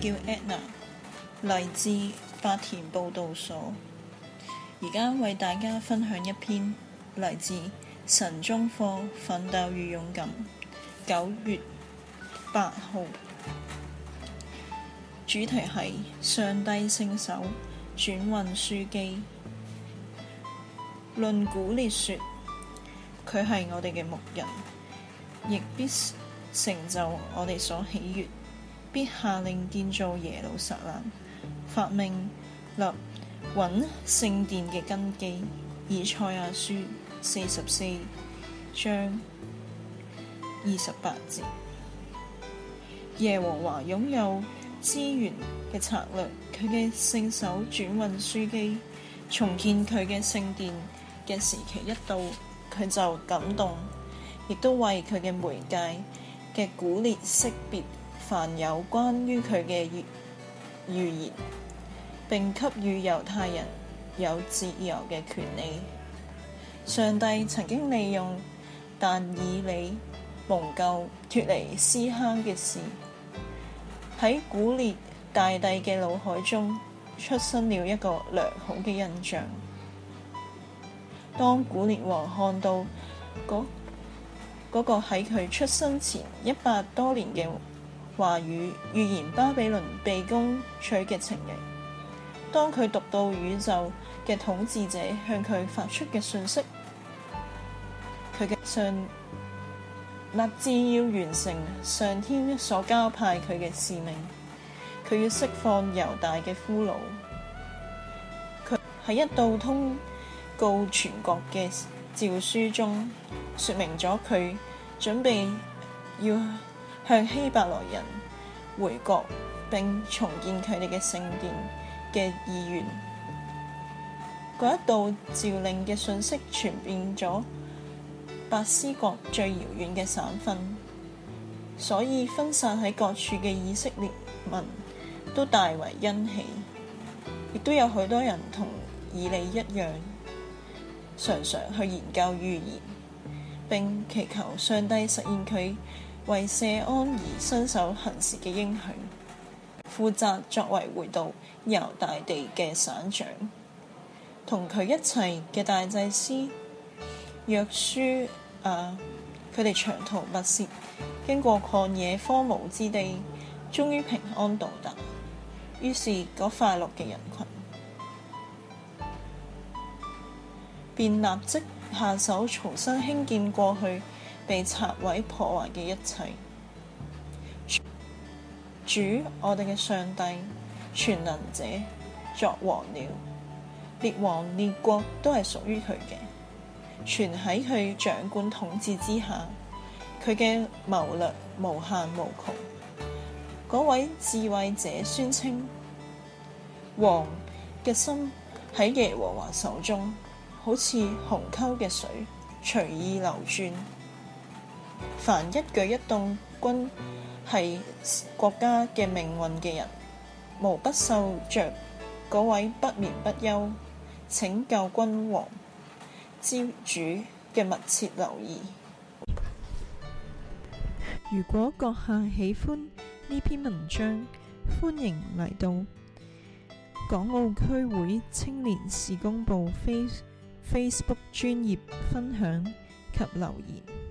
叫 Anna，嚟自八田報道所。而家為大家分享一篇嚟自神中課《奮鬥與勇敢》，九月八號。主題係上帝聖手運轉樞機。論古列說，佢係我哋嘅牧人，亦必成就我哋所喜悅。必下令建造耶路撒冷，發命立穩聖殿嘅根基。以賽亞書四十四章二十八節，耶和華擁有資源嘅策略，佢嘅聖手轉運樞機重建佢嘅聖殿嘅時期一到，佢就感動，亦都為佢嘅媒介嘅古列識別。凡有關於佢嘅預言，並給予猶太人有自由嘅權利。上帝曾經利用但以理蒙救脱離獅坑嘅事，喺古列大帝嘅腦海中，出生了一個良好嘅印象。當古列王看到嗰嗰、嗰個喺佢出生前一百多年嘅。話語預言巴比倫被攻取嘅情形。當佢讀到宇宙嘅統治者向佢發出嘅信息，佢嘅信立志要完成上天所交派佢嘅使命。佢要釋放猶大嘅俘虜。佢喺一道通告全國嘅詔書中說明咗佢準備要。向希伯來人回國並重建佢哋嘅聖殿嘅意願，嗰一度詔令嘅信息傳遍咗波斯國最遙遠嘅省份，所以分散喺各處嘅以色列民都大為欣喜，亦都有許多人同以利一樣，常常去研究預言，並祈求上帝實現佢。為舍安而伸手行事嘅英雄，負責作為回到猶大地嘅省長，同佢一齊嘅大祭司約書亞，佢哋長途跋涉，經過曠野荒蕪之地，終於平安到達。於是，嗰快樂嘅人群便立即下手，重新興建過去。被拆毀破壞嘅一切，主我哋嘅上帝全能者作王了，列王列國都係屬於佢嘅，全喺佢掌管統治之下。佢嘅謀略無限無窮。嗰位智慧者宣稱，王嘅心喺耶和華手中，好似隴溝嘅水隨意流轉。凡一舉一動均係國家嘅命運嘅人，無不受着，嗰位不眠不休拯救君王之主嘅密切留意。如果閣下喜歡呢篇文章，歡迎嚟到港澳區會青年事工部 face Facebook 專頁分享及留言。